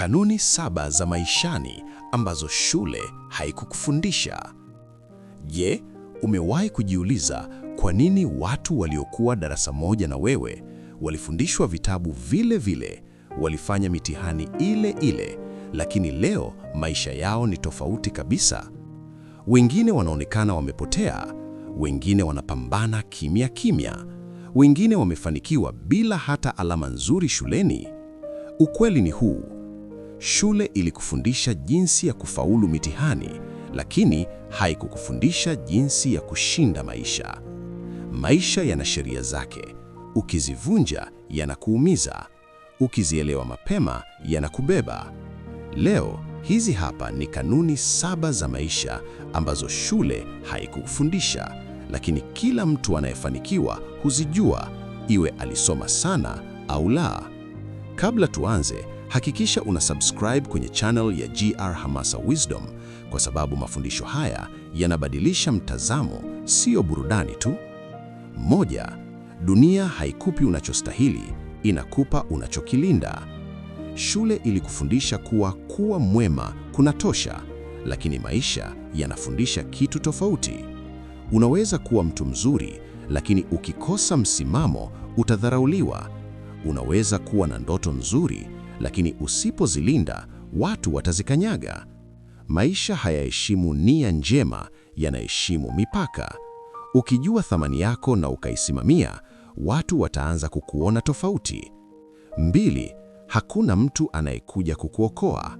kanuni saba za maishani ambazo shule haikukufundisha. Je, umewahi kujiuliza kwa nini watu waliokuwa darasa moja na wewe walifundishwa vitabu vile vile, walifanya mitihani ile ile, lakini leo maisha yao ni tofauti kabisa? Wengine wanaonekana wamepotea, wengine wanapambana kimya kimya, wengine wamefanikiwa bila hata alama nzuri shuleni. Ukweli ni huu. Shule ilikufundisha jinsi ya kufaulu mitihani, lakini haikukufundisha jinsi ya kushinda maisha. Maisha yana sheria zake, ukizivunja yanakuumiza, ukizielewa mapema yanakubeba. Leo hizi hapa ni kanuni saba za maisha ambazo shule haikufundisha, lakini kila mtu anayefanikiwa huzijua, iwe alisoma sana au la. Kabla tuanze Hakikisha una subscribe kwenye channel ya GR Hamasa Wisdom kwa sababu mafundisho haya yanabadilisha mtazamo, siyo burudani tu. Moja, dunia haikupi unachostahili, inakupa unachokilinda. Shule ilikufundisha kuwa kuwa mwema kunatosha, lakini maisha yanafundisha kitu tofauti. Unaweza kuwa mtu mzuri, lakini ukikosa msimamo utadharauliwa. Unaweza kuwa na ndoto nzuri lakini usipozilinda watu watazikanyaga. Maisha hayaheshimu nia njema, yanaheshimu mipaka. Ukijua thamani yako na ukaisimamia, watu wataanza kukuona tofauti. Mbili, hakuna mtu anayekuja kukuokoa.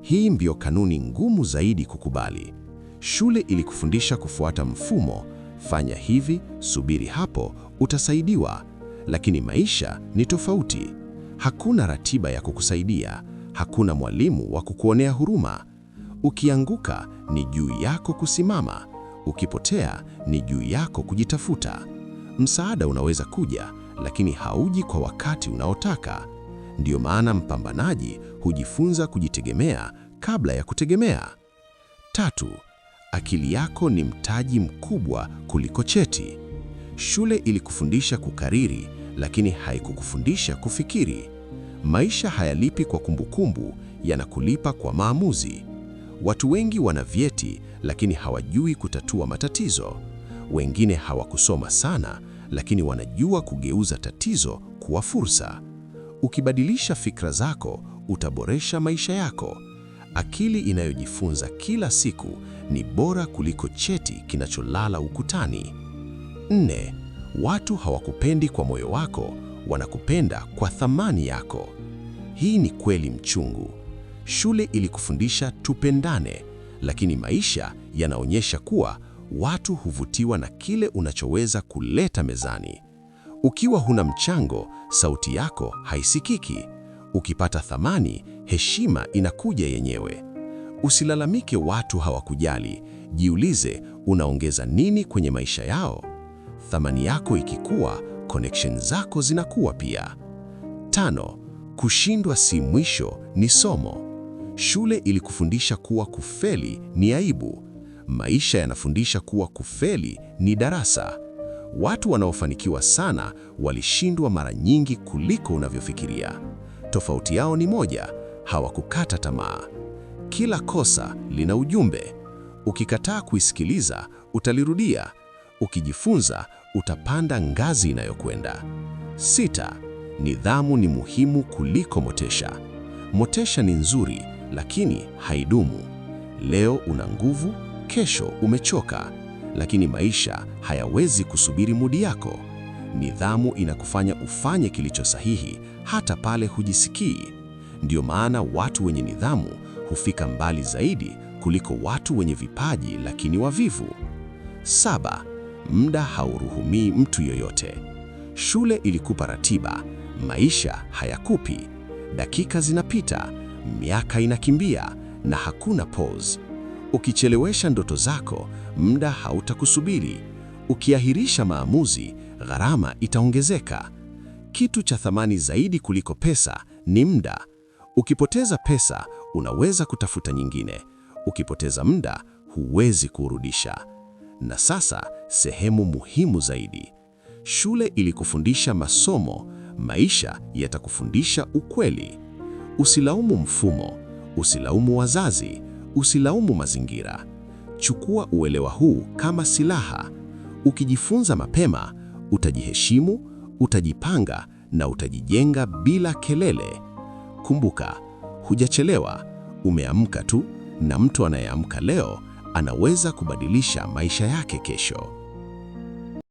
Hii ndiyo kanuni ngumu zaidi kukubali. Shule ilikufundisha kufuata mfumo, fanya hivi, subiri hapo, utasaidiwa. Lakini maisha ni tofauti. Hakuna ratiba ya kukusaidia, hakuna mwalimu wa kukuonea huruma. Ukianguka ni juu yako kusimama, ukipotea ni juu yako kujitafuta. Msaada unaweza kuja, lakini hauji kwa wakati unaotaka. Ndiyo maana mpambanaji hujifunza kujitegemea kabla ya kutegemea. Tatu, akili yako ni mtaji mkubwa kuliko cheti. Shule ilikufundisha kukariri, lakini haikukufundisha kufikiri. Maisha hayalipi kwa kumbukumbu, yanakulipa kwa maamuzi. Watu wengi wana vyeti lakini hawajui kutatua matatizo. Wengine hawakusoma sana, lakini wanajua kugeuza tatizo kuwa fursa. Ukibadilisha fikra zako, utaboresha maisha yako. Akili inayojifunza kila siku ni bora kuliko cheti kinacholala ukutani. Nne, Watu hawakupendi kwa moyo wako, wanakupenda kwa thamani yako. Hii ni kweli mchungu. Shule ilikufundisha tupendane, lakini maisha yanaonyesha kuwa watu huvutiwa na kile unachoweza kuleta mezani. Ukiwa huna mchango, sauti yako haisikiki. Ukipata thamani, heshima inakuja yenyewe. Usilalamike watu hawakujali. Jiulize, unaongeza nini kwenye maisha yao? Thamani yako ikikua, connection zako zinakuwa pia. Tano, kushindwa si mwisho, ni somo. Shule ilikufundisha kuwa kufeli ni aibu. Maisha yanafundisha kuwa kufeli ni darasa. Watu wanaofanikiwa sana walishindwa mara nyingi kuliko unavyofikiria. Tofauti yao ni moja, hawakukata tamaa. Kila kosa lina ujumbe. Ukikataa kuisikiliza, utalirudia. Ukijifunza utapanda ngazi inayokwenda. Sita, nidhamu ni muhimu kuliko motisha. Motisha ni nzuri, lakini haidumu. Leo una nguvu, kesho umechoka, lakini maisha hayawezi kusubiri mudi yako. Nidhamu inakufanya ufanye kilicho sahihi hata pale hujisikii. Ndiyo maana watu wenye nidhamu hufika mbali zaidi kuliko watu wenye vipaji lakini wavivu. Saba, muda hauruhumii mtu yoyote. Shule ilikupa ratiba, maisha hayakupi. Dakika zinapita, miaka inakimbia na hakuna pause. Ukichelewesha ndoto zako, muda hautakusubiri. Ukiahirisha maamuzi, gharama itaongezeka. Kitu cha thamani zaidi kuliko pesa ni muda. Ukipoteza pesa, unaweza kutafuta nyingine. Ukipoteza muda, huwezi kurudisha. Na sasa sehemu muhimu zaidi. Shule ilikufundisha masomo, maisha yatakufundisha ukweli. Usilaumu mfumo, usilaumu wazazi, usilaumu mazingira. Chukua uelewa huu kama silaha. Ukijifunza mapema, utajiheshimu, utajipanga na utajijenga bila kelele. Kumbuka, hujachelewa, umeamka tu, na mtu anayeamka leo anaweza kubadilisha maisha yake kesho.